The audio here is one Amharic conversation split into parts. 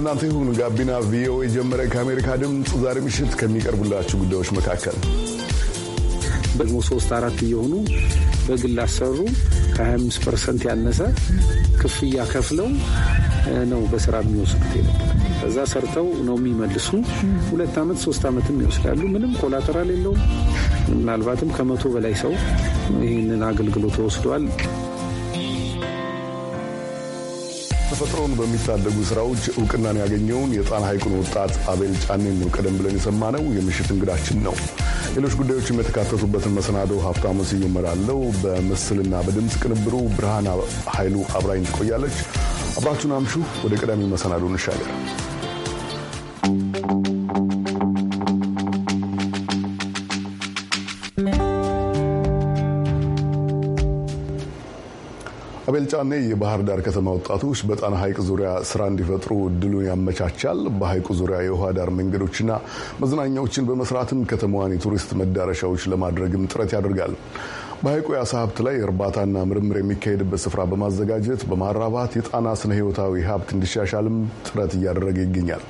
እናንተ ይሁን። ጋቢና ቪኦኤ ጀመረ። ከአሜሪካ ድምፅ ዛሬ ምሽት ከሚቀርቡላችሁ ጉዳዮች መካከል ደግሞ ሶስት አራት እየሆኑ በግል አሰሩ ከ25 ፐርሰንት ያነሰ ክፍያ ከፍለው ነው በስራ የሚወስዱት። እዛ ሰርተው ነው የሚመልሱ። ሁለት ዓመት ሶስት ዓመትም ይወስዳሉ። ምንም ኮላተራል የለውም። ምናልባትም ከመቶ በላይ ሰው ይህንን አገልግሎት ወስዷል። ተፈጥሮን በሚታደጉ ስራዎች እውቅናን ያገኘውን የጣና ሐይቁን ወጣት አቤል ጫኔ ነው ቀደም ብለን የሰማነው የምሽት እንግዳችን ነው። ሌሎች ጉዳዮችም የተካተቱበትን መሰናዶ ሀብታሙ ስዩም እመራለሁ። በምስልና በድምፅ ቅንብሩ ብርሃን ኃይሉ አብራኝ ትቆያለች። አብራችሁን አምሹ። ወደ ቀዳሚ መሰናዶ እንሻገር። ጫኔ የባህር ዳር ከተማ ወጣቶች በጣና ሐይቅ ዙሪያ ስራ እንዲፈጥሩ እድሉን ያመቻቻል። በሐይቁ ዙሪያ የውሃ ዳር መንገዶችና መዝናኛዎችን በመስራትም ከተማዋን የቱሪስት መዳረሻዎች ለማድረግም ጥረት ያደርጋል። በሐይቁ የአሳ ሀብት ላይ እርባታና ምርምር የሚካሄድበት ስፍራ በማዘጋጀት በማራባት የጣና ስነ ህይወታዊ ሀብት እንዲሻሻልም ጥረት እያደረገ ይገኛል።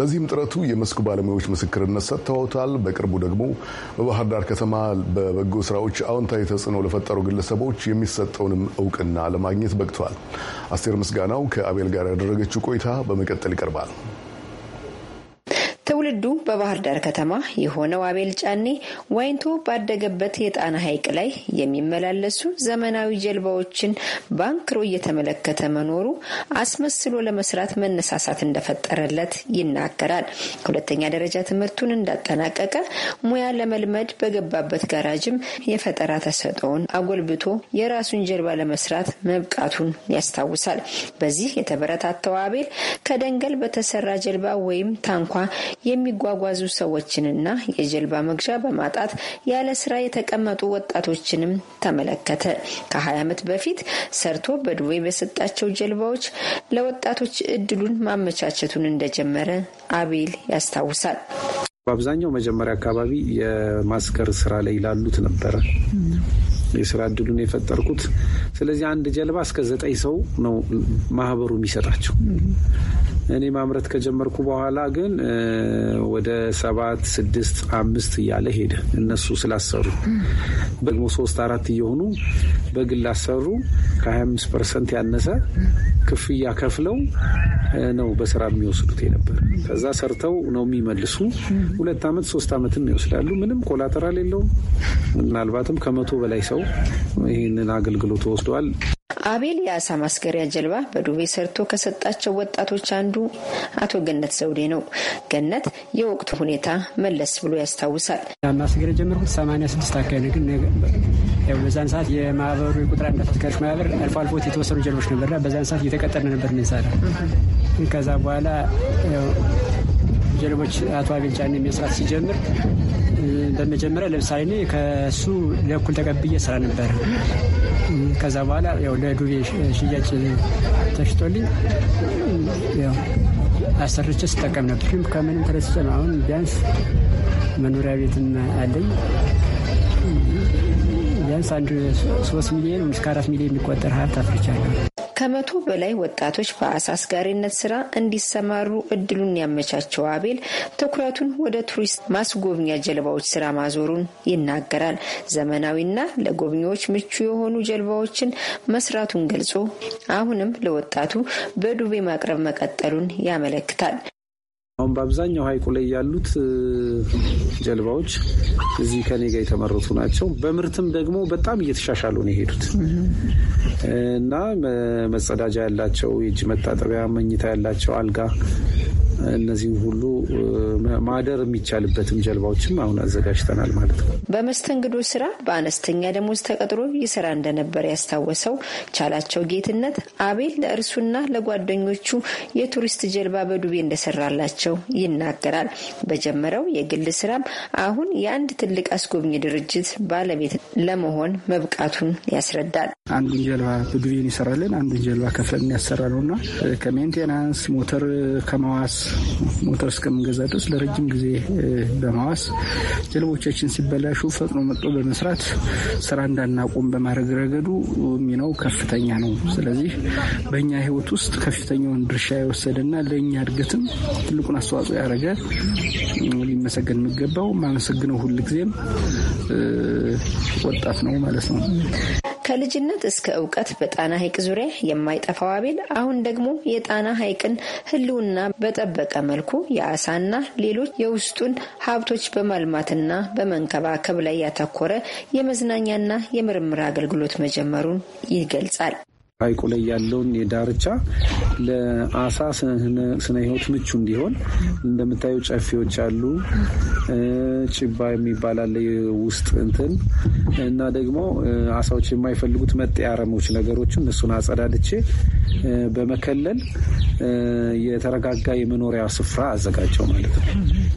ለዚህም ጥረቱ የመስኩ ባለሙያዎች ምስክርነት ሰጥተውታል። በቅርቡ ደግሞ በባህር ዳር ከተማ በበጎ ስራዎች አዎንታዊ ተጽዕኖ ለፈጠሩ ግለሰቦች የሚሰጠውንም እውቅና ለማግኘት በቅተዋል። አስቴር ምስጋናው ከአቤል ጋር ያደረገችው ቆይታ በመቀጠል ይቀርባል። ትውልዱ በባህር ዳር ከተማ የሆነው አቤል ጫኔ ዋኝቶ ባደገበት የጣና ሐይቅ ላይ የሚመላለሱ ዘመናዊ ጀልባዎችን ባንክሮ እየተመለከተ መኖሩ አስመስሎ ለመስራት መነሳሳት እንደፈጠረለት ይናገራል። ሁለተኛ ደረጃ ትምህርቱን እንዳጠናቀቀ ሙያ ለመልመድ በገባበት ጋራጅም የፈጠራ ተሰጠውን አጎልብቶ የራሱን ጀልባ ለመስራት መብቃቱን ያስታውሳል። በዚህ የተበረታተው አቤል ከደንገል በተሰራ ጀልባ ወይም ታንኳ የሚጓጓዙ ሰዎችንና የጀልባ መግዣ በማጣት ያለ ስራ የተቀመጡ ወጣቶችንም ተመለከተ። ከ20 ዓመት በፊት ሰርቶ በድዌ በሰጣቸው ጀልባዎች ለወጣቶች እድሉን ማመቻቸቱን እንደጀመረ አቤል ያስታውሳል። በአብዛኛው መጀመሪያ አካባቢ የማስከር ስራ ላይ ላሉት ነበረ የስራ እድሉን የፈጠርኩት። ስለዚህ አንድ ጀልባ እስከ ዘጠኝ ሰው ነው ማህበሩ የሚሰጣቸው። እኔ ማምረት ከጀመርኩ በኋላ ግን ወደ ሰባት ስድስት አምስት እያለ ሄደ። እነሱ ስላሰሩ ደግሞ ሶስት አራት እየሆኑ በግል አሰሩ። ከ25 ፐርሰንት ያነሰ ክፍያ ከፍለው ነው በስራ የሚወስዱት የነበር። ከዛ ሰርተው ነው የሚመልሱ። ሁለት አመት ሶስት አመትም ይወስዳሉ። ምንም ኮላተራል የለውም። ምናልባትም ከመቶ በላይ ሰው ተደርገው ይህንን አገልግሎት ወስደዋል። አቤል የአሳ ማስገሪያ ጀልባ በዱቤ ሰርቶ ከሰጣቸው ወጣቶች አንዱ አቶ ገነት ዘውዴ ነው። ገነት የወቅቱ ሁኔታ መለስ ብሎ ያስታውሳል። ማስገሪያ ጀመርኩት 86 ስድስት አካባቢ ግን በዛን ሰዓት የማህበሩ የቁጥር አንዳት አስጋሪዎች ማህበር አልፎ አልፎት የተወሰኑ ጀልቦች ነበር። በዛን ሰዓት እየተቀጠርን ነበር ምንሳለ ከዛ በኋላ ጀልቦች አቶ አቤል ጫን የሚያስራት ሲጀምር በመጀመሪያ ለምሳሌ እኔ ከሱ ለእኩል ተቀብዬ ስራ ነበር። ከዛ በኋላ ያው ለዱቤ ሽያጭ ተሽጦልኝ ያው አሰርቼ ስጠቀም ነበር። ግን ከምንም ተረስቼ አሁን ቢያንስ መኖሪያ ቤትም አለኝ። ቢያንስ አንድ ሶስት ሚሊዮን እስከ አራት ሚሊዮን የሚቆጠር ሀብት አፍርቻለሁ። ከመቶ በላይ ወጣቶች በአሳ አስጋሪነት ስራ እንዲሰማሩ እድሉን ያመቻቸው አቤል ትኩረቱን ወደ ቱሪስት ማስጎብኛ ጀልባዎች ስራ ማዞሩን ይናገራል። ዘመናዊና ለጎብኚዎች ምቹ የሆኑ ጀልባዎችን መስራቱን ገልጾ አሁንም ለወጣቱ በዱቤ ማቅረብ መቀጠሉን ያመለክታል። አሁን በአብዛኛው ሀይቁ ላይ ያሉት ጀልባዎች እዚህ ከኔ ጋር የተመረቱ ናቸው። በምርትም ደግሞ በጣም እየተሻሻሉ ነው የሄዱት እና መጸዳጃ ያላቸው፣ የእጅ መታጠቢያ፣ መኝታ ያላቸው አልጋ እነዚህም ሁሉ ማደር የሚቻልበትም ጀልባዎችም አሁን አዘጋጅተናል ማለት ነው። በመስተንግዶ ስራ በአነስተኛ ደሞዝ ተቀጥሮ ይሰራ እንደነበር ያስታወሰው ቻላቸው ጌትነት አቤል ለእርሱና ለጓደኞቹ የቱሪስት ጀልባ በዱቤ እንደሰራላቸው መሆናቸው ይናገራል። በጀመረው የግል ስራም አሁን የአንድ ትልቅ አስጎብኝ ድርጅት ባለቤት ለመሆን መብቃቱን ያስረዳል። አንዱን ጀልባ በግቢን ይሰራልን፣ አንዱን ጀልባ ከፍለን ያሰራ ነው እና ከሜንቴናንስ ሞተር ከመዋስ ሞተር እስከምንገዛ ድረስ ለረጅም ጊዜ በማዋስ ጀልቦቻችን ሲበላሹ ፈጥኖ መጦ በመስራት ስራ እንዳናቆም በማድረግ ረገዱ ሚናው ከፍተኛ ነው። ስለዚህ በእኛ ህይወት ውስጥ ከፍተኛውን ድርሻ የወሰደና ለእኛ እድገትም ትልቁን አስተዋጽኦ ያደረገ ሊመሰገን የሚገባው ማመሰግነው ሁልጊዜም ወጣት ነው ማለት ነው። ከልጅነት እስከ እውቀት በጣና ሐይቅ ዙሪያ የማይጠፋው አቤል አሁን ደግሞ የጣና ሐይቅን ሕልውና በጠበቀ መልኩ የአሳና ሌሎች የውስጡን ሀብቶች በማልማትና በመንከባከብ ላይ ያተኮረ የመዝናኛና የምርምር አገልግሎት መጀመሩን ይገልጻል። ሐይቁ ላይ ያለውን የዳርቻ ለአሳ ስነ ህይወት ምቹ እንዲሆን እንደምታዩ ጨፌዎች አሉ። ጭባ የሚባል አለ ውስጥ እንትን እና ደግሞ አሳዎች የማይፈልጉት መጤ አረሞች ነገሮችን እሱን አጸዳድቼ በመከለል የተረጋጋ የመኖሪያ ስፍራ አዘጋጀው ማለት ነው።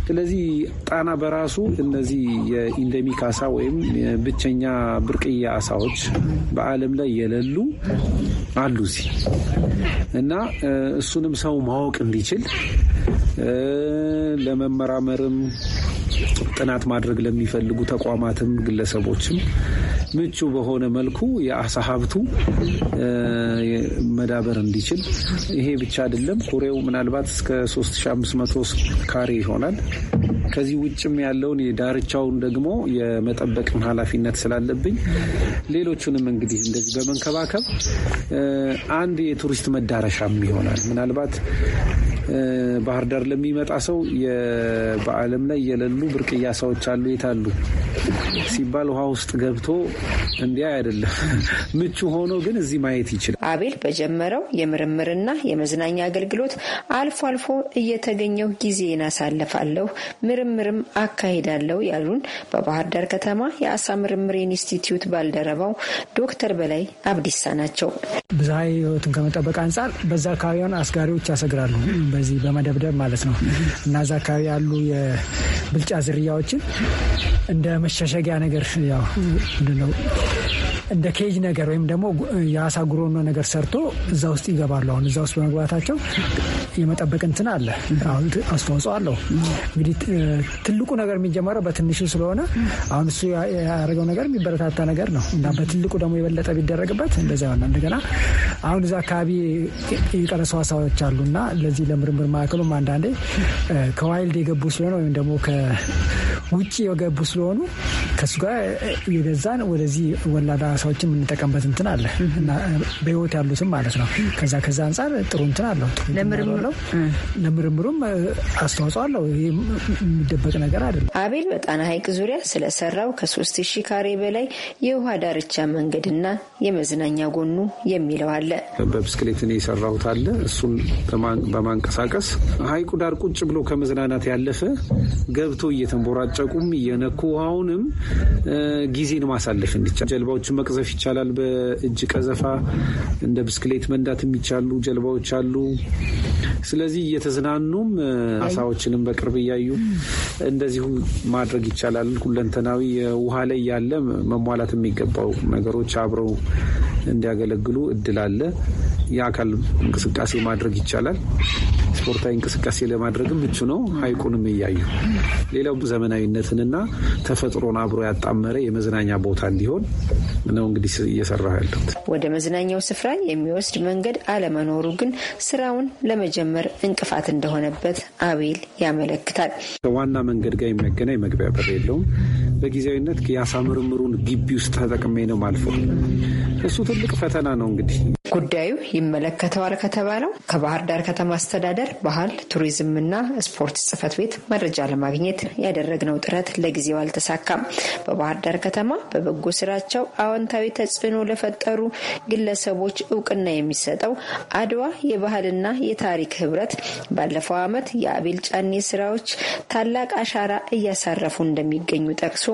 ስለዚህ ጣና በራሱ እነዚህ የኢንደሚክ አሳ ወይም ብቸኛ ብርቅዬ አሳዎች በዓለም ላይ የሌሉ አሉ እዚህ እና እሱንም ሰው ማወቅ እንዲችል ለመመራመርም ጥናት ማድረግ ለሚፈልጉ ተቋማትም ግለሰቦችም ምቹ በሆነ መልኩ የአሳ ሀብቱ መዳበር እንዲችል። ይሄ ብቻ አይደለም። ኩሬው ምናልባት እስከ 3500 ካሬ ይሆናል። ከዚህ ውጭም ያለውን የዳርቻውን ደግሞ የመጠበቅም ኃላፊነት ስላለብኝ ሌሎቹንም እንግዲህ እንደዚህ በመንከባከብ አንድ የቱሪስት መዳረሻም ይሆናል። ምናልባት ባህር ዳር ለሚመጣ ሰው በዓለም ላይ የሌሉ ብርቅዬ አሳዎች አሉ የታሉ ሲባል ውሃ ውስጥ ገብቶ እንዲያ አይደለም ምቹ ሆኖ ግን እዚህ ማየት ይችላል። አቤል በጀመረው የምርምርና የመዝናኛ አገልግሎት አልፎ አልፎ እየተገኘው ጊዜን አሳልፋለሁ፣ ምርምርም አካሂዳለሁ ያሉን በባህር ዳር ከተማ የአሳ ምርምር ኢንስቲትዩት ባልደረባው ዶክተር በላይ አብዲሳ ናቸው። ብዝሃ ህይወትን ከመጠበቅ አንጻር በዛ አካባቢውን አስጋሪዎች ያሰግራሉ። በዚህ በመደብደብ ማለት ነው እና እዛ አካባቢ ያሉ የብልጫ ዝርያዎችን እንደ መሸሸጊያ ነገር ያው እንደ ኬጅ ነገር ወይም ደግሞ የአሳ ጉሮኖ ነገር ሰርቶ እዛ ውስጥ ይገባሉ። አሁን እዛ ውስጥ በመግባታቸው የመጠበቅ እንትን አለ አስተዋጽኦ አለው። እንግዲህ ትልቁ ነገር የሚጀመረው በትንሹ ስለሆነ አሁን እሱ ያደረገው ነገር የሚበረታታ ነገር ነው እና በትልቁ ደግሞ የበለጠ ቢደረግበት እንደዚ ሆነ። እንደገና አሁን እዛ አካባቢ የቀረሰው ሀሳቦች አሉ እና ለዚህ ለምርምር ማዕከሉም አንዳንዴ ከዋይልድ የገቡ ሲሆን ወይም ደግሞ ውጭ የገቡ ስለሆኑ ከሱ ጋር የገዛን ወደዚህ ወላዳ ሰዎችን የምንጠቀምበት እንትን አለ እና በህይወት ያሉትም ማለት ነው። ከዛ ከዛ አንጻር ጥሩ እንትን አለው ለምርምሩም አስተዋጽኦ አለው። ይህ የሚደበቅ ነገር አይደለም። አቤል በጣና ሐይቅ ዙሪያ ስለሰራው ከሶስት ሺህ ካሬ በላይ የውሃ ዳርቻ መንገድና የመዝናኛ ጎኑ የሚለው አለ። በብስክሌት እኔ የሰራሁት አለ። እሱን በማንቀሳቀስ ሐይቁ ዳር ቁጭ ብሎ ከመዝናናት ያለፈ ገብቶ እየተንቦራጨ እየሰቁም እየነኩ አሁንም ጊዜን ማሳለፍ እንዲቻል ጀልባዎችን መቅዘፍ ይቻላል። በእጅ ቀዘፋ እንደ ብስክሌት መንዳት የሚቻሉ ጀልባዎች አሉ። ስለዚህ እየተዝናኑም አሳዎችንም በቅርብ እያዩ እንደዚሁ ማድረግ ይቻላል። ሁለንተናዊ ውሃ ላይ ያለ መሟላት የሚገባው ነገሮች አብረው እንዲያገለግሉ እድል አለ። የአካል እንቅስቃሴ ማድረግ ይቻላል። ስፖርታዊ እንቅስቃሴ ለማድረግም ምቹ ነው። ሀይቁንም እያዩ ሌላው ዘመናዊ ማንነትንና ተፈጥሮን አብሮ ያጣመረ የመዝናኛ ቦታ እንዲሆን ነው እንግዲህ እየሰራ ያለት። ወደ መዝናኛው ስፍራ የሚወስድ መንገድ አለመኖሩ ግን ስራውን ለመጀመር እንቅፋት እንደሆነበት አቤል ያመለክታል። ከዋና መንገድ ጋር የሚያገናኝ መግቢያ በር የለውም። በጊዜያዊነት የአሳ ምርምሩን ግቢ ውስጥ ተጠቅሜ ነው ማልፎ እሱ ትልቅ ፈተና ነው። እንግዲህ ጉዳዩ ይመለከተዋል ከተባለው ከባህር ዳር ከተማ አስተዳደር ባህል ቱሪዝምና ስፖርት ጽህፈት ቤት መረጃ ለማግኘት ያደረግነው ያደረግነው ጥረት ለጊዜው አልተሳካም። በባህር ዳር ከተማ በበጎ ስራቸው አዎንታዊ ተጽዕኖ ለፈጠሩ ግለሰቦች እውቅና የሚሰጠው አድዋ የባህልና የታሪክ ህብረት ባለፈው ዓመት የአቤል ጫኔ ስራዎች ታላቅ አሻራ እያሳረፉ እንደሚገኙ ጠቅሶ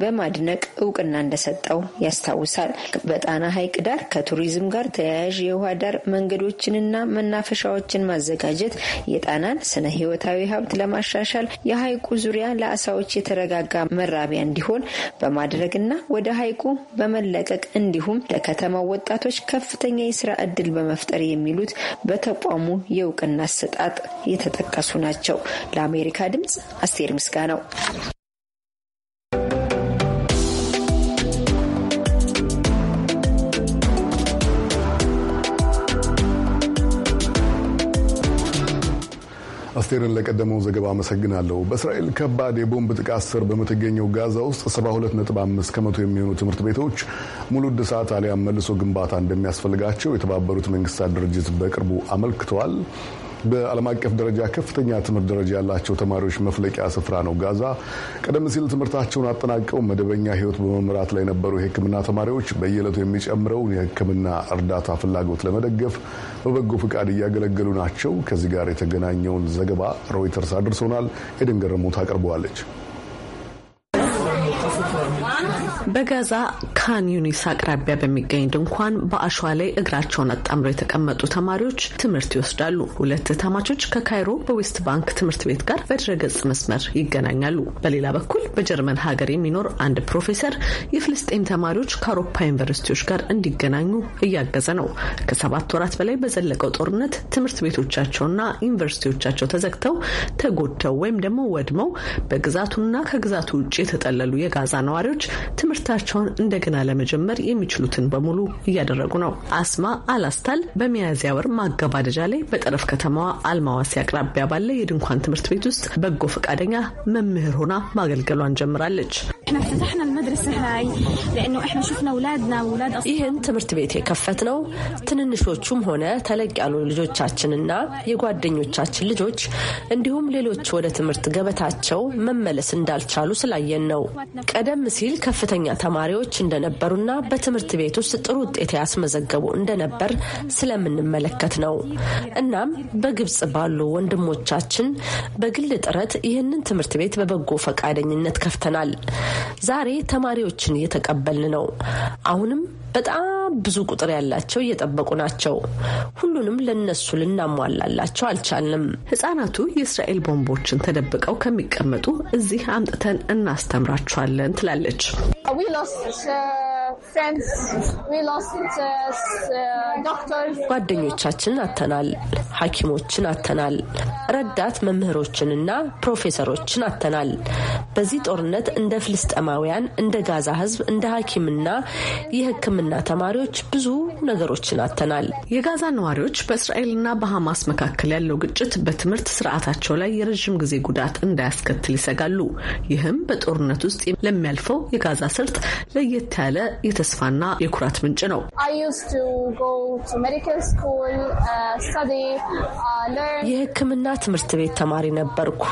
በማድነቅ እውቅና እንደሰጠው ያስታውሳል። በጣና ሐይቅ ዳር ከቱሪዝም ጋር ተያያዥ የውሃ ዳር መንገዶችንና መናፈሻዎችን ማዘጋጀት የጣናን ስነ ህይወታዊ ሀብት ለማሻሻል የሐይቁ ዙሪያ ለአሳዎች ቦታዎች የተረጋጋ መራቢያ እንዲሆን በማድረግና ወደ ሀይቁ በመለቀቅ እንዲሁም ለከተማው ወጣቶች ከፍተኛ የስራ እድል በመፍጠር የሚሉት በተቋሙ የእውቅና አሰጣጥ የተጠቀሱ ናቸው። ለአሜሪካ ድምጽ አስቴር ምስጋ ነው። አስቴርን ለቀደመው ዘገባ አመሰግናለሁ። በእስራኤል ከባድ የቦምብ ጥቃት ስር በምትገኘው ጋዛ ውስጥ 72.5 ከመቶ የሚሆኑ ትምህርት ቤቶች ሙሉ እድሳት አሊያም መልሶ ግንባታ እንደሚያስፈልጋቸው የተባበሩት መንግስታት ድርጅት በቅርቡ አመልክተዋል። በዓለም አቀፍ ደረጃ ከፍተኛ ትምህርት ደረጃ ያላቸው ተማሪዎች መፍለቂያ ስፍራ ነው ጋዛ። ቀደም ሲል ትምህርታቸውን አጠናቀው መደበኛ ሕይወት በመምራት ላይ የነበሩ የሕክምና ተማሪዎች በየዕለቱ የሚጨምረውን የሕክምና እርዳታ ፍላጎት ለመደገፍ በበጎ ፈቃድ እያገለገሉ ናቸው። ከዚህ ጋር የተገናኘውን ዘገባ ሮይተርስ አድርሶናል። የደንገረሞት አቅርበዋለች በጋዛ ካን ዩኒስ አቅራቢያ በሚገኝ ድንኳን በአሸዋ ላይ እግራቸውን አጣምረው የተቀመጡ ተማሪዎች ትምህርት ይወስዳሉ። ሁለት ተማቾች ከካይሮ በዌስት ባንክ ትምህርት ቤት ጋር በድረገጽ መስመር ይገናኛሉ። በሌላ በኩል በጀርመን ሀገር የሚኖር አንድ ፕሮፌሰር የፍልስጤም ተማሪዎች ከአውሮፓ ዩኒቨርሲቲዎች ጋር እንዲገናኙ እያገዘ ነው። ከሰባት ወራት በላይ በዘለቀው ጦርነት ትምህርት ቤቶቻቸውና ዩኒቨርሲቲዎቻቸው ተዘግተው ተጎድተው ወይም ደግሞ ወድመው በግዛቱና ከግዛቱ ውጭ የተጠለሉ የጋዛ ነዋሪዎች ትምህርታቸውን እንደገና ለመጀመር የሚችሉትን በሙሉ እያደረጉ ነው። አስማ አላስታል በሚያዝያ ወር ማገባደጃ ላይ በጠረፍ ከተማዋ አልማዋሲ አቅራቢያ ባለ የድንኳን ትምህርት ቤት ውስጥ በጎ ፈቃደኛ መምህር ሆና ማገልገሏን ጀምራለች። احنا افتتحنا المدرسه هاي لانه احنا شفنا اولادنا واولاد ይህን ትምህርት ቤት የከፈትነው ትንንሾቹም ሆነ ተለቅ ያሉ ልጆቻችንና የጓደኞቻችን ልጆች እንዲሁም ሌሎች ወደ ትምህርት ገበታቸው መመለስ እንዳልቻሉ ስላየን ነው። ቀደም ሲል ከፍተኛ ተማሪዎች እንደነበሩና በትምህርት ቤት ውስጥ ጥሩ ውጤት ያስመዘገቡ እንደነበር ስለምንመለከት ነው። እናም በግብጽ ባሉ ወንድሞቻችን በግል ጥረት ይህንን ትምህርት ቤት በበጎ ፈቃደኝነት ከፍተናል። ዛሬ ተማሪዎችን እየተቀበልን ነው። አሁንም በጣም ብዙ ቁጥር ያላቸው እየጠበቁ ናቸው። ሁሉንም ለነሱ ልናሟላላቸው አልቻልንም። ህጻናቱ የእስራኤል ቦምቦችን ተደብቀው ከሚቀመጡ እዚህ አምጥተን እናስተምራቸዋለን ትላለች። Uh, uh, ጓደኞቻችን አተናል፣ ሐኪሞችን አተናል፣ ረዳት መምህሮችንና ፕሮፌሰሮችን አተናል። በዚህ ጦርነት እንደ ፍልስጠማውያን እንደ ጋዛ ህዝብ እንደ ሐኪምና የህክምና ተማሪዎች ብዙ ነገሮችን አተናል። የጋዛ ነዋሪዎች በእስራኤልና በሐማስ መካከል ያለው ግጭት በትምህርት ስርዓታቸው ላይ የረዥም ጊዜ ጉዳት እንዳያስከትል ይሰጋሉ። ይህም በጦርነት ውስጥ ለሚያልፈው የጋዛ ስርጥ ለየት ያለ የተስፋና የኩራት ምንጭ ነው። uh, uh, የሕክምና ትምህርት ቤት ተማሪ ነበርኩ።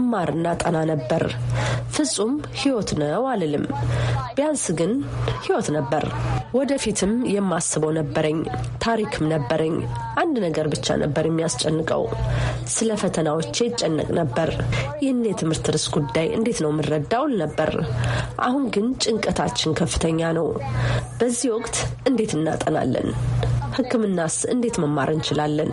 እማርና ጠና ነበር። ፍጹም ህይወት ነው አልልም፣ ቢያንስ ግን ህይወት ነበር። ወደፊትም የማስበው ነበረኝ፣ ታሪክም ነበረኝ። አንድ ነገር ብቻ ነበር የሚያስጨንቀው። ስለ ፈተናዎቼ ይጨነቅ ነበር። ይህን የትምህርት ርዕስ ጉዳይ እንዴት ነው የምረዳው ነበር። አሁን ግን ጭንቀታችን ከፍተኛ ነው። ነው። በዚህ ወቅት እንዴት እናጠናለን? ሕክምናስ እንዴት መማር እንችላለን?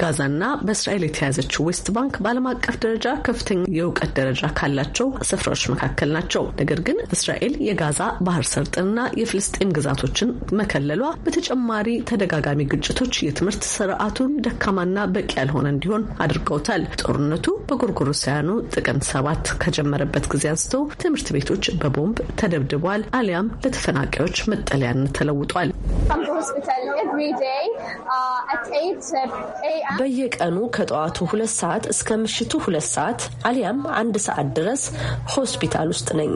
ጋዛና በእስራኤል የተያዘችው ዌስት ባንክ በዓለም አቀፍ ደረጃ ከፍተኛ የእውቀት ደረጃ ካላቸው ስፍራዎች መካከል ናቸው። ነገር ግን እስራኤል የጋዛ ባህር ሰርጥንና የፍልስጤም ግዛቶችን መከለሏ በተጨማሪ ተደጋጋሚ ግጭቶች የትምህርት ስርዓቱን ደካማና በቂ ያልሆነ እንዲሆን አድርገውታል። ጦርነቱ በጎርጎሮሳውያኑ ጥቅምት ሰባት ከጀመረበት ጊዜ አንስቶ ትምህርት ቤቶች በቦምብ ተደብድበዋል፣ አሊያም ለተፈናቃዮች መጠለያነት ተለውጧል። Uh, uh, በየቀኑ ከጠዋቱ ሁለት ሰዓት እስከ ምሽቱ ሁለት ሰዓት አሊያም አንድ ሰዓት ድረስ ሆስፒታል ውስጥ ነኝ።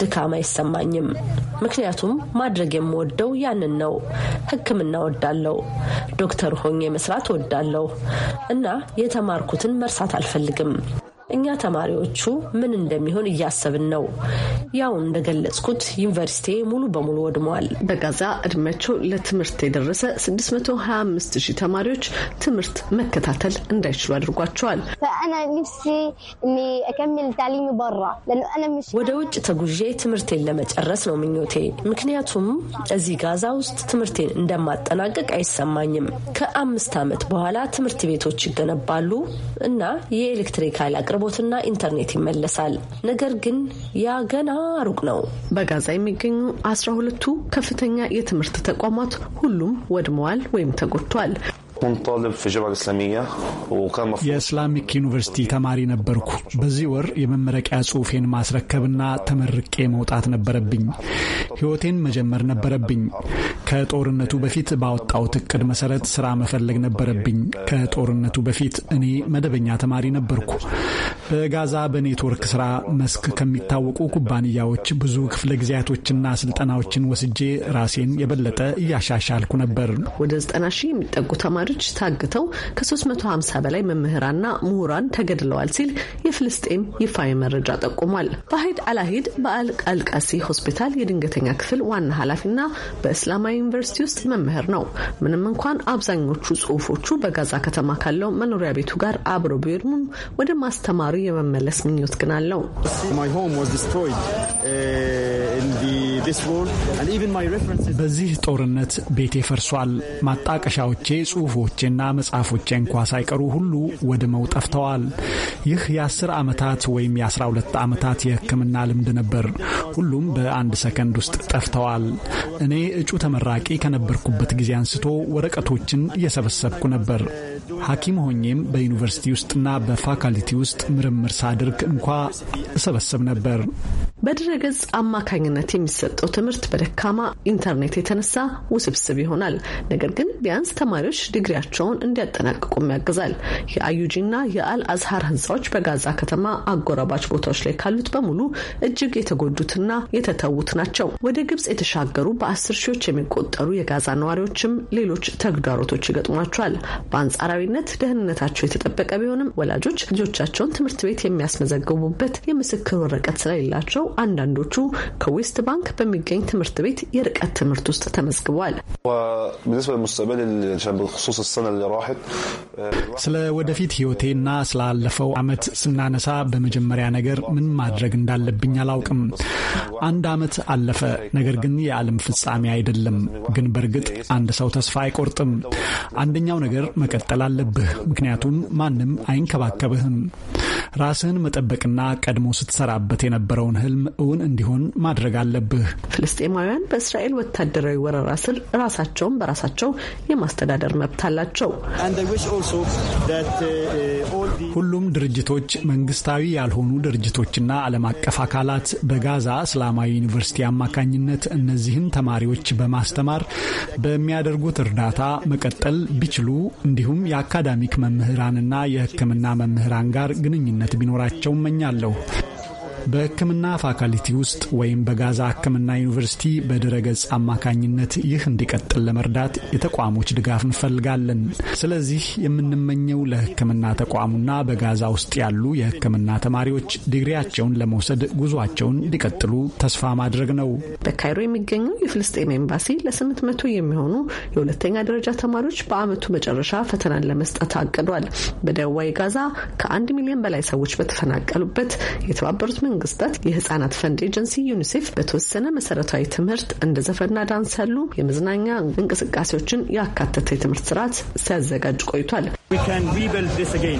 ድካም አይሰማኝም፣ ምክንያቱም ማድረግ የምወደው ያንን ነው። ሕክምና ወዳለው፣ ዶክተር ሆኜ መስራት ወዳለው እና የተማርኩትን መርሳት አልፈልግም። እኛ ተማሪዎቹ ምን እንደሚሆን እያሰብን ነው። ያው እንደገለጽኩት ዩኒቨርሲቲ ሙሉ በሙሉ ወድመዋል። በጋዛ እድሜያቸው ለትምህርት የደረሰ 625 ሺህ ተማሪዎች ትምህርት መከታተል እንዳይችሉ አድርጓቸዋል። ወደ ውጭ ተጉዤ ትምህርቴን ለመጨረስ ነው ምኞቴ። ምክንያቱም እዚህ ጋዛ ውስጥ ትምህርቴን እንደማጠናቀቅ አይሰማኝም። ከአምስት ዓመት በኋላ ትምህርት ቤቶች ይገነባሉ እና የኤሌክትሪክ ኃይል አቅርቦትና ኢንተርኔት ይመለሳል። ነገር ግን ያ ገና ሩቅ ነው። በጋዛ የሚገኙ አስራ ሁለቱ ከፍተኛ የትምህርት ተቋማት ሁሉም ወድመዋል ወይም ተጎድተዋል። የእስላሚክ ዩኒቨርሲቲ ተማሪ ነበርኩ። በዚህ ወር የመመረቂያ ጽሑፌን ማስረከብና ተመርቄ መውጣት ነበረብኝ። ህይወቴን መጀመር ነበረብኝ። ከጦርነቱ በፊት ባወጣሁት እቅድ መሰረት ስራ መፈለግ ነበረብኝ። ከጦርነቱ በፊት እኔ መደበኛ ተማሪ ነበርኩ። በጋዛ በኔትወርክ ስራ መስክ ከሚታወቁ ኩባንያዎች ብዙ ክፍለ ጊዜያቶችና ስልጠናዎችን ወስጄ ራሴን የበለጠ እያሻሻልኩ ነበር። ወደ 90 ሺህ የሚጠጉ ተማሪዎች ታግተው ከ350 በላይ መምህራንና ምሁራን ተገድለዋል ሲል የፍልስጤም ይፋዊ መረጃ ጠቁሟል። በሀይድ አላሂድ በአልቃልቃሲ ሆስፒታል የድንገተኛ ክፍል ዋና ኃላፊና በእስላማዊ ዩኒቨርሲቲ ውስጥ መምህር ነው። ምንም እንኳን አብዛኞቹ ጽሁፎቹ በጋዛ ከተማ ካለው መኖሪያ ቤቱ ጋር አብሮ ቢሄድሙም ወደ ማስተማሩ የመመለስ ምኞት ግን አለው። uh, በዚህ ጦርነት ቤቴ ፈርሷል። ማጣቀሻዎቼ፣ ጽሁፎቼና መጽሐፎቼ እንኳ ሳይቀሩ ሁሉ ወድመው ጠፍተዋል። ይህ የ የ10 ዓመታት ወይም የ12 ዓመታት የሕክምና ልምድ ነበር። ሁሉም በአንድ ሰከንድ ውስጥ ጠፍተዋል። እኔ እጩ ተመራ ተመራቂ ከነበርኩበት ጊዜ አንስቶ ወረቀቶችን እየሰበሰብኩ ነበር። ሐኪም ሆኜም በዩኒቨርሲቲ ውስጥና በፋካልቲ ውስጥ ምርምር ሳድርግ እንኳ እሰበስብ ነበር። በድረገጽ አማካኝነት የሚሰጠው ትምህርት በደካማ ኢንተርኔት የተነሳ ውስብስብ ይሆናል። ነገር ግን ቢያንስ ተማሪዎች ዲግሪያቸውን እንዲያጠናቅቁም ያግዛል። የአዩጂና የአል አዝሃር ህንፃዎች በጋዛ ከተማ አጎራባች ቦታዎች ላይ ካሉት በሙሉ እጅግ የተጎዱትና የተተዉት ናቸው። ወደ ግብጽ የተሻገሩ በአስር ሺዎች የሚቆጠሩ የጋዛ ነዋሪዎችም ሌሎች ተግዳሮቶች ይገጥሟቸዋል። በአንጻራዊነት ደህንነታቸው የተጠበቀ ቢሆንም ወላጆች ልጆቻቸውን ትምህርት ቤት የሚያስመዘግቡበት የምስክር ወረቀት ስለሌላቸው አንዳንዶቹ ከዌስት ባንክ በሚገኝ ትምህርት ቤት የርቀት ትምህርት ውስጥ ተመዝግቧል። ስለ ወደፊት ህይወቴና ስላለፈው አመት ስናነሳ በመጀመሪያ ነገር ምን ማድረግ እንዳለብኝ አላውቅም። አንድ አመት አለፈ፣ ነገር ግን የዓለም ፍጻሜ አይደለም። ግን በእርግጥ አንድ ሰው ተስፋ አይቆርጥም። አንደኛው ነገር መቀጠል አለብህ፣ ምክንያቱም ማንም አይንከባከብህም። ራስህን መጠበቅና ቀድሞ ስትሰራበት የነበረውን ህልም እውን እንዲሆን ማድረግ አለብህ። ፍልስጤማውያን በእስራኤል ወታደራዊ ወረራ ስር ራሳቸውን በራሳቸው የማስተዳደር መብት አላቸው። uh, uh, ሁሉም ድርጅቶች፣ መንግስታዊ ያልሆኑ ድርጅቶችና ዓለም አቀፍ አካላት በጋዛ እስላማዊ ዩኒቨርሲቲ አማካኝነት እነዚህን ተማሪዎች በማስተማር በሚያደርጉት እርዳታ መቀጠል ቢችሉ እንዲሁም የአካዳሚክ መምህራንና የሕክምና መምህራን ጋር ግንኙነት ግንኙነት ቢኖራቸው እመኛለሁ። በሕክምና ፋካልቲ ውስጥ ወይም በጋዛ ሕክምና ዩኒቨርሲቲ በድረገጽ አማካኝነት ይህ እንዲቀጥል ለመርዳት የተቋሞች ድጋፍ እንፈልጋለን። ስለዚህ የምንመኘው ለሕክምና ተቋሙና በጋዛ ውስጥ ያሉ የሕክምና ተማሪዎች ዲግሪያቸውን ለመውሰድ ጉዟቸውን እንዲቀጥሉ ተስፋ ማድረግ ነው። በካይሮ የሚገኘው የፍልስጤም ኤምባሲ ለስምንት መቶ የሚሆኑ የሁለተኛ ደረጃ ተማሪዎች በዓመቱ መጨረሻ ፈተናን ለመስጠት አቅዷል። በደቡባዊ ጋዛ ከአንድ ሚሊዮን በላይ ሰዎች በተፈናቀሉበት የተባበሩት መንግስታት የህጻናት ፈንድ ኤጀንሲ ዩኒሴፍ በተወሰነ መሰረታዊ ትምህርት እንደ ዘፈና ዳንስ ያሉ የመዝናኛ እንቅስቃሴዎችን ያካተተ የትምህርት ስርዓት ሲያዘጋጅ ቆይቷል። uh,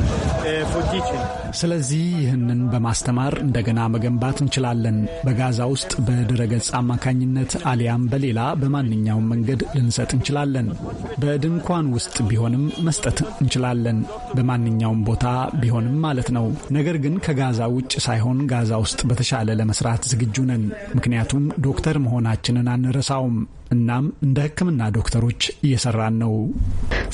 ስለዚህ ይህንን በማስተማር እንደገና መገንባት እንችላለን። በጋዛ ውስጥ በድረገጽ አማካኝነት አሊያም በሌላ በማንኛውም መንገድ ልንሰጥ እንችላለን። በድንኳን ውስጥ ቢሆንም መስጠት እንችላለን። በማንኛውም ቦታ ቢሆንም ማለት ነው። ነገር ግን ከጋዛ ውጭ ሳይሆን ጋዛ ውስጥ በተሻለ ለመስራት ዝግጁ ነን። ምክንያቱም ዶክተር መሆናችንን አንረሳውም። እናም እንደ ህክምና ዶክተሮች እየሰራን ነው።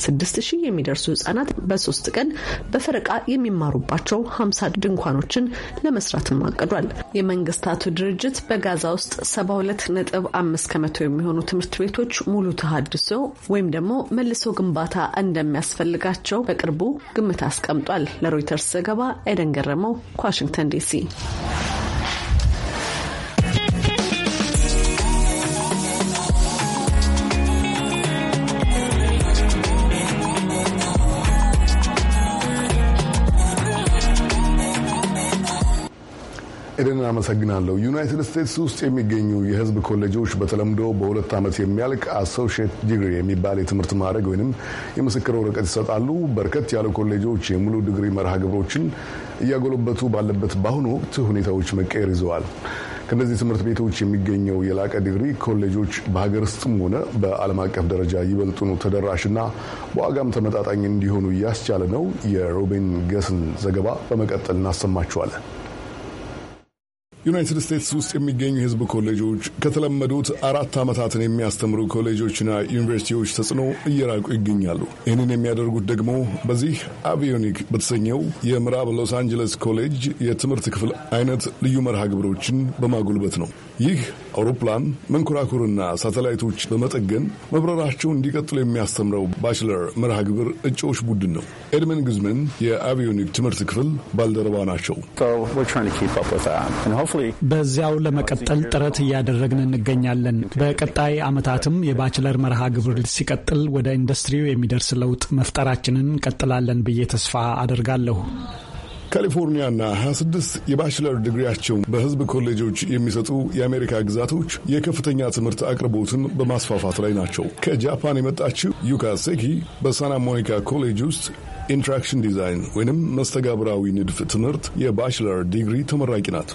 ስድስት ሺህ የሚደርሱ ህጻናት በሶስት ቀን በፈረቃ የሚማሩባቸው ሀምሳ ድንኳኖችን ለመስራትም አቅዷል። የመንግስታቱ ድርጅት በጋዛ ውስጥ ሰባ ሁለት ነጥብ አምስት ከመቶ የሚሆኑ ትምህርት ቤቶች ሙሉ ተሃድሶ ወይም ደግሞ መልሶ ግንባታ እንደሚያስፈልጋቸው በቅርቡ ግምት አስቀምጧል። ለሮይተርስ ዘገባ ኤደን ገረመው ከዋሽንግተን ዲሲ ኤደን አመሰግናለሁ። ዩናይትድ ስቴትስ ውስጥ የሚገኙ የህዝብ ኮሌጆች በተለምዶ በሁለት ዓመት የሚያልቅ አሶሺየት ዲግሪ የሚባል የትምህርት ማድረግ ወይም የምስክር ወረቀት ይሰጣሉ። በርከት ያሉ ኮሌጆች የሙሉ ዲግሪ መርሃ ግብሮችን እያጎለበቱ ባለበት በአሁኑ ወቅት ሁኔታዎች መቀየር ይዘዋል። ከእነዚህ ትምህርት ቤቶች የሚገኘው የላቀ ዲግሪ ኮሌጆች በሀገር ውስጥም ሆነ በዓለም አቀፍ ደረጃ ይበልጡኑ ተደራሽና በዋጋም ተመጣጣኝ እንዲሆኑ እያስቻለ ነው። የሮቢን ገስን ዘገባ በመቀጠል እናሰማችኋለን። ዩናይትድ ስቴትስ ውስጥ የሚገኙ የህዝብ ኮሌጆች ከተለመዱት አራት ዓመታትን የሚያስተምሩ ኮሌጆችና ዩኒቨርሲቲዎች ተጽዕኖ እየራቁ ይገኛሉ። ይህንን የሚያደርጉት ደግሞ በዚህ አቪዮኒክ በተሰኘው የምዕራብ ሎስ አንጀለስ ኮሌጅ የትምህርት ክፍል አይነት ልዩ መርሃ ግብሮችን በማጉልበት ነው። ይህ አውሮፕላን መንኮራኩርና ሳተላይቶች በመጠገን መብረራቸውን እንዲቀጥሉ የሚያስተምረው ባችለር መርሃ ግብር እጩዎች ቡድን ነው። ኤድመን ግዝመን የአቪዮኒክ ትምህርት ክፍል ባልደረባ ናቸው። በዚያው ለመቀጠል ጥረት እያደረግን እንገኛለን። በቀጣይ ዓመታትም የባችለር መርሃ ግብር ሲቀጥል ወደ ኢንዱስትሪው የሚደርስ ለውጥ መፍጠራችንን እንቀጥላለን ብዬ ተስፋ አደርጋለሁ። ካሊፎርኒያና 26 የባችለር ዲግሪያቸውን በህዝብ ኮሌጆች የሚሰጡ የአሜሪካ ግዛቶች የከፍተኛ ትምህርት አቅርቦትን በማስፋፋት ላይ ናቸው። ከጃፓን የመጣችው ዩካ ሴኪ በሳና ሞኒካ ኮሌጅ ውስጥ ኢንትራክሽን ዲዛይን ወይንም መስተጋብራዊ ንድፍ ትምህርት የባችለር ዲግሪ ተመራቂ ናት።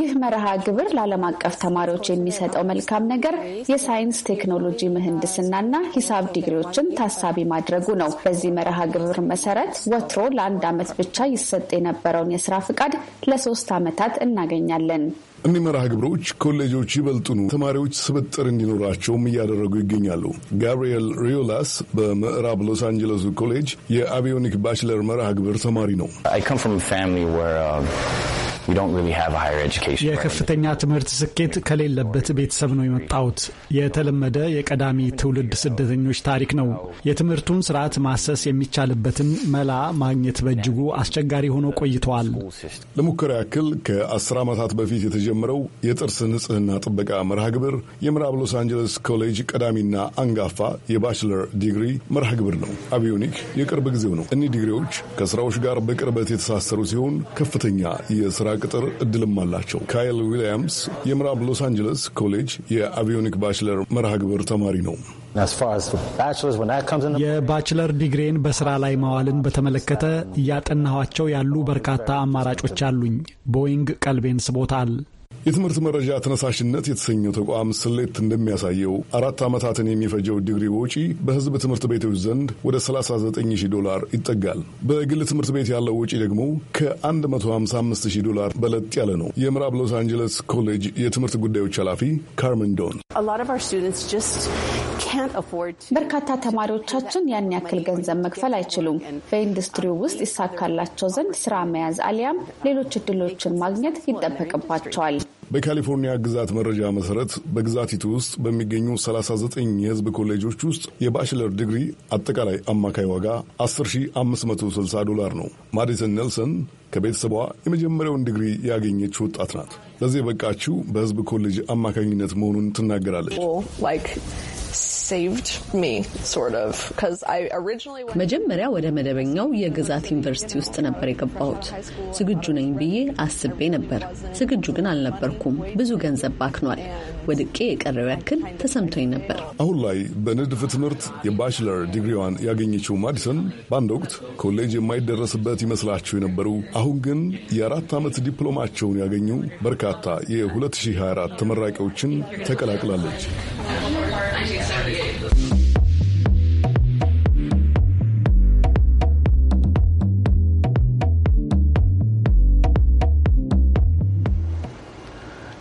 ይህ መርሃ ግብር ለዓለም አቀፍ ተማሪዎች የሚሰጠው መልካም ነገር የሳይንስ ቴክኖሎጂ፣ ምህንድስናና ሂሳብ ዲግሪዎችን ታሳቢ ማድረጉ ነው። በዚህ መርሃ ግብር መሰረት ወትሮ ለአንድ ዓመት ብቻ ይሰጥ የነበረውን የስራ ፍቃድ ለሶስት ዓመታት እናገኛለን። እኒህ መርሃ ግብሮች ኮሌጆች ይበልጡኑ ተማሪዎች ስብጥር እንዲኖራቸውም እያደረጉ ይገኛሉ። ጋብርኤል ሪዮላስ በምዕራብ ሎስ አንጀለሱ ኮሌጅ የአቢዮኒክ ባችለር መርሃ ግብር ተማሪ ነው። የከፍተኛ ትምህርት ስኬት ከሌለበት ቤተሰብ ነው የመጣሁት። የተለመደ የቀዳሚ ትውልድ ስደተኞች ታሪክ ነው። የትምህርቱን ስርዓት ማሰስ የሚቻልበትን መላ ማግኘት በእጅጉ አስቸጋሪ ሆኖ ቆይተዋል። ለሙከራ ያክል ከአስር ዓመታት በፊት የተጀመረው የጥርስ ንጽህና ጥበቃ መርሃ ግብር የምዕራብ ሎስ አንጀለስ ኮሌጅ ቀዳሚና አንጋፋ የባችለር ዲግሪ መርሃ ግብር ነው። አብዮኒክ የቅርብ ጊዜው ነው። እኒህ ዲግሪዎች ከስራዎች ጋር በቅርበት የተሳሰሩ ሲሆን ከፍተኛ የስራ ቅጥር እድልም አላቸው። ካይል ዊልያምስ የምዕራብ ሎስ አንጀለስ ኮሌጅ የአቪዮኒክ ባችለር መርሃ ግብር ተማሪ ነው። የባችለር ዲግሪን በስራ ላይ ማዋልን በተመለከተ እያጠናኋቸው ያሉ በርካታ አማራጮች አሉኝ። ቦይንግ ቀልቤን ስቦታል። የትምህርት መረጃ ተነሳሽነት የተሰኘው ተቋም ስሌት እንደሚያሳየው አራት ዓመታትን የሚፈጀው ዲግሪ ወጪ በሕዝብ ትምህርት ቤቶች ዘንድ ወደ 39000 ዶላር ይጠጋል። በግል ትምህርት ቤት ያለው ወጪ ደግሞ ከ 155000 ዶላር በለጥ ያለ ነው። የምዕራብ ሎስ አንጀለስ ኮሌጅ የትምህርት ጉዳዮች ኃላፊ ካርመን ዶን በርካታ ተማሪዎቻችን ያን ያክል ገንዘብ መክፈል አይችሉም። በኢንዱስትሪው ውስጥ ይሳካላቸው ዘንድ ስራ መያዝ አሊያም ሌሎች እድሎችን ማግኘት ይጠበቅባቸዋል። በካሊፎርኒያ ግዛት መረጃ መሰረት በግዛቲቱ ውስጥ በሚገኙ 39 የህዝብ ኮሌጆች ውስጥ የባችለር ዲግሪ አጠቃላይ አማካይ ዋጋ 10560 ዶላር ነው። ማዲሰን ኔልሰን ከቤተሰቧ የመጀመሪያውን ዲግሪ ያገኘች ወጣት ናት። ለዚህ የበቃችው በህዝብ ኮሌጅ አማካኝነት መሆኑን ትናገራለች። መጀመሪያ ወደ መደበኛው የግዛት ዩኒቨርሲቲ ውስጥ ነበር የገባሁት። ዝግጁ ነኝ ብዬ አስቤ ነበር። ዝግጁ ግን አልነበርኩም። ብዙ ገንዘብ ባክኗል። ወድቄ የቀረው ያክል ተሰምቶኝ ነበር። አሁን ላይ በንድፍ ትምህርት የባችለር ዲግሪዋን ያገኘችው ማዲሰን በአንድ ወቅት ኮሌጅ የማይደረስበት ይመስላቸው የነበሩ አሁን ግን የአራት ዓመት ዲፕሎማቸውን ያገኙ በርካታ የ2024 ተመራቂዎችን ተቀላቅላለች።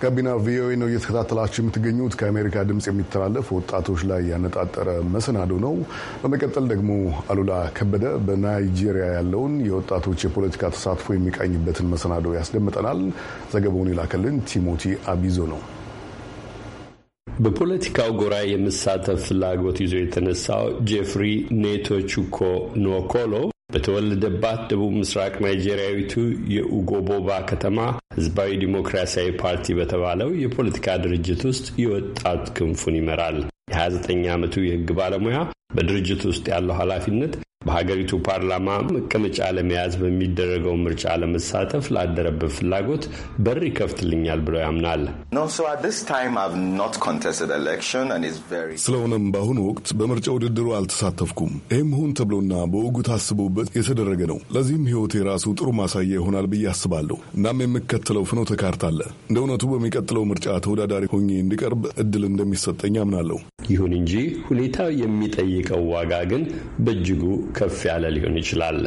ጋቢና ቪኦኤ ነው እየተከታተላችሁ የምትገኙት። ከአሜሪካ ድምፅ የሚተላለፍ ወጣቶች ላይ ያነጣጠረ መሰናዶ ነው። በመቀጠል ደግሞ አሉላ ከበደ በናይጄሪያ ያለውን የወጣቶች የፖለቲካ ተሳትፎ የሚቃኝበትን መሰናዶ ያስደምጠናል። ዘገባውን የላከልን ቲሞቲ አቢዞ ነው። በፖለቲካው ጎራ የመሳተፍ ፍላጎት ይዞ የተነሳው ጄፍሪ ኔቶቹኮ ኖኮሎ በተወለደባት ደቡብ ምስራቅ ናይጄሪያዊቱ የኡጎቦባ ከተማ ህዝባዊ ዲሞክራሲያዊ ፓርቲ በተባለው የፖለቲካ ድርጅት ውስጥ የወጣት ክንፉን ይመራል። የ29 ዓመቱ የህግ ባለሙያ በድርጅት ውስጥ ያለው ኃላፊነት በሀገሪቱ ፓርላማ መቀመጫ ለመያዝ በሚደረገው ምርጫ ለመሳተፍ ላደረበት ፍላጎት በር ይከፍትልኛል ብሎ ያምናል። ስለሆነም በአሁኑ ወቅት በምርጫ ውድድሩ አልተሳተፍኩም። ይህም ሆን ተብሎና በወጉ ታስቦበት የተደረገ ነው። ለዚህም ሕይወቴ ራሱ ጥሩ ማሳያ ይሆናል ብዬ አስባለሁ። እናም የምከተለው ፍኖተ ካርታ አለ። እንደ እውነቱ በሚቀጥለው ምርጫ ተወዳዳሪ ሆኜ እንዲቀርብ እድል እንደሚሰጠኝ አምናለሁ። ይሁን እንጂ ሁኔታው የሚጠይቀው ዋጋ ግን በእጅጉ ከፍ ያለ ሊሆን ይችላል።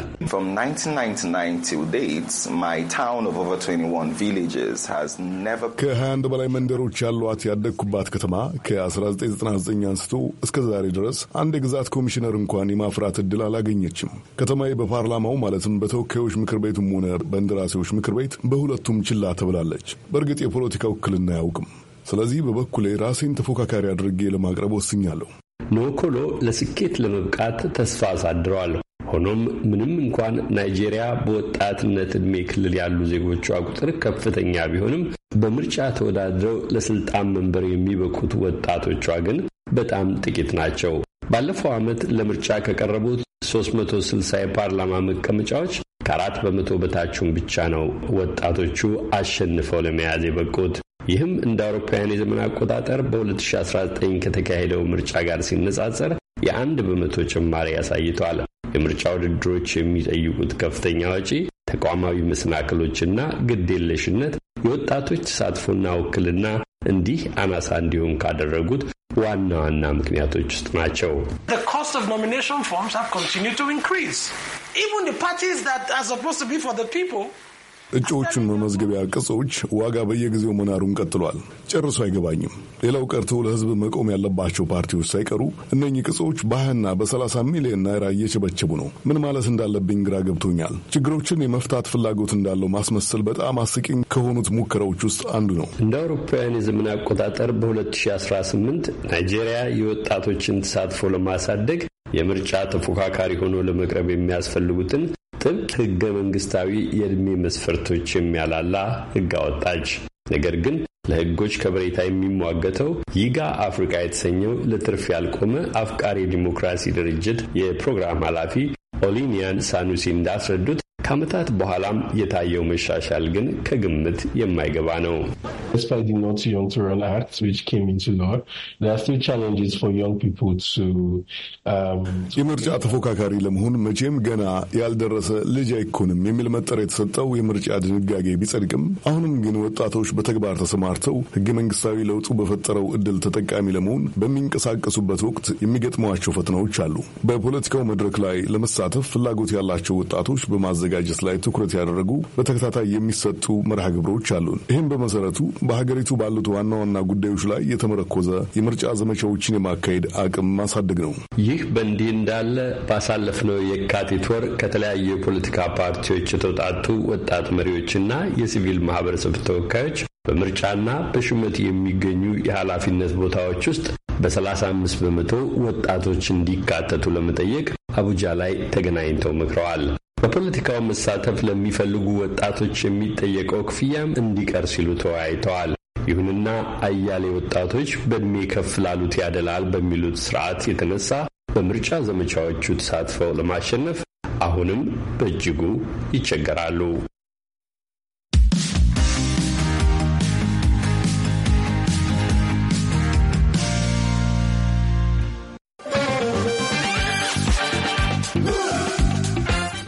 ከ21 በላይ መንደሮች ያሏት ያደግኩባት ከተማ ከ1999 አንስቶ እስከ ዛሬ ድረስ አንድ የግዛት ኮሚሽነር እንኳን የማፍራት እድል አላገኘችም። ከተማዬ በፓርላማው ማለትም በተወካዮች ምክር ቤቱም ሆነ በእንደራሴዎች ምክር ቤት በሁለቱም ችላ ተብላለች። በእርግጥ የፖለቲካ ውክልና አያውቅም። ስለዚህ በበኩሌ ራሴን ተፎካካሪ አድርጌ ለማቅረብ ወስኛለሁ። ኖኮሎ ለስኬት ለመብቃት ተስፋ አሳድረዋል። ሆኖም ምንም እንኳን ናይጄሪያ በወጣትነት ዕድሜ ክልል ያሉ ዜጎቿ ቁጥር ከፍተኛ ቢሆንም በምርጫ ተወዳድረው ለስልጣን መንበር የሚበቁት ወጣቶቿ ግን በጣም ጥቂት ናቸው። ባለፈው ዓመት ለምርጫ ከቀረቡት 360 የፓርላማ መቀመጫዎች ከአራት በመቶ በታችም ብቻ ነው ወጣቶቹ አሸንፈው ለመያዝ የበቁት። ይህም እንደ አውሮፓውያን የዘመን አቆጣጠር በ2019 ከተካሄደው ምርጫ ጋር ሲነጻጸር የአንድ በመቶ ጭማሪ አሳይቷል። የምርጫ ውድድሮች የሚጠይቁት ከፍተኛ ወጪ፣ ተቋማዊ መሰናክሎችና ግዴለሽነት የወጣቶች ተሳትፎና ውክልና እንዲህ አናሳ እንዲሆን ካደረጉት ዋና ዋና ምክንያቶች ውስጥ ናቸው። እጩዎቹን መመዝገቢያ ቅጾች ዋጋ በየጊዜው መናሩን ቀጥሏል። ጨርሶ አይገባኝም። ሌላው ቀርቶ ለህዝብ መቆም ያለባቸው ፓርቲዎች ሳይቀሩ እነኚህ ቅጾች በሀያና በሰላሳ ሚሊዮን ናይራ እየቸበቸቡ ነው። ምን ማለት እንዳለብኝ ግራ ገብቶኛል። ችግሮችን የመፍታት ፍላጎት እንዳለው ማስመሰል በጣም አስቂኝ ከሆኑት ሙከራዎች ውስጥ አንዱ ነው። እንደ አውሮፓውያን የዘመን አቆጣጠር በ2018 ናይጄሪያ የወጣቶችን ተሳትፎ ለማሳደግ የምርጫ ተፎካካሪ ሆኖ ለመቅረብ የሚያስፈልጉትን ጥብቅ ህገ መንግስታዊ የእድሜ መስፈርቶች የሚያላላ ህግ አወጣች። ነገር ግን ለህጎች ከበሬታ የሚሟገተው ይጋ አፍሪካ የተሰኘው ለትርፍ ያልቆመ አፍቃሪ ዲሞክራሲ ድርጅት የፕሮግራም ኃላፊ ኦሊኒያን ሳኑሲ እንዳስረዱት ከዓመታት በኋላም የታየው መሻሻል ግን ከግምት የማይገባ ነው። um, የምርጫ ተፎካካሪ ለመሆን መቼም ገና ያልደረሰ ልጅ አይኮንም የሚል መጠሪያ የተሰጠው የምርጫ ድንጋጌ ቢጸድቅም አሁንም ግን ወጣቶች በተግባር ተሰማርተው ሕገ መንግስታዊ ለውጡ በፈጠረው እድል ተጠቃሚ ለመሆን በሚንቀሳቀሱበት ወቅት የሚገጥሟቸው ፈተናዎች አሉ። በፖለቲካው መድረክ ላይ ለመሳተፍ ፍላጎት ያላቸው ወጣቶች በማዘ ማዘጋጀት ላይ ትኩረት ያደረጉ በተከታታይ የሚሰጡ መርሃ ግብሮች አሉን። ይህም በመሰረቱ በሀገሪቱ ባሉት ዋና ዋና ጉዳዮች ላይ የተመረኮዘ የምርጫ ዘመቻዎችን የማካሄድ አቅም ማሳደግ ነው። ይህ በእንዲህ እንዳለ ባሳለፍነው የካቲት ወር ከተለያዩ የፖለቲካ ፓርቲዎች የተውጣጡ ወጣት መሪዎችና የሲቪል ማህበረሰብ ተወካዮች በምርጫና በሹመት የሚገኙ የኃላፊነት ቦታዎች ውስጥ በ35 በመቶ ወጣቶች እንዲካተቱ ለመጠየቅ አቡጃ ላይ ተገናኝተው መክረዋል። በፖለቲካው መሳተፍ ለሚፈልጉ ወጣቶች የሚጠየቀው ክፍያም እንዲቀር ሲሉ ተወያይተዋል። ይሁንና አያሌ ወጣቶች በእድሜ ከፍ ላሉት ያደላል በሚሉት ስርዓት የተነሳ በምርጫ ዘመቻዎቹ ተሳትፈው ለማሸነፍ አሁንም በእጅጉ ይቸገራሉ።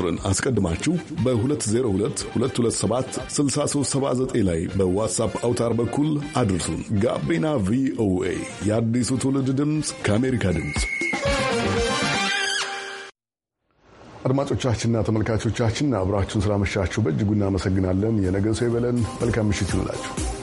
ቁጥርን አስቀድማችሁ በ 6379 ላይ በዋትሳፕ አውታር በኩል አድርሱን። ጋቢና ቪኦኤ የአዲሱ ትውልድ ድምፅ ከአሜሪካ ድምፅ አድማጮቻችንና ተመልካቾቻችን አብራችሁን ስላመሻችሁ በእጅጉ እናመሰግናለን። የነገ ሰው ይበለን። መልካም ምሽት ይሁንላችሁ።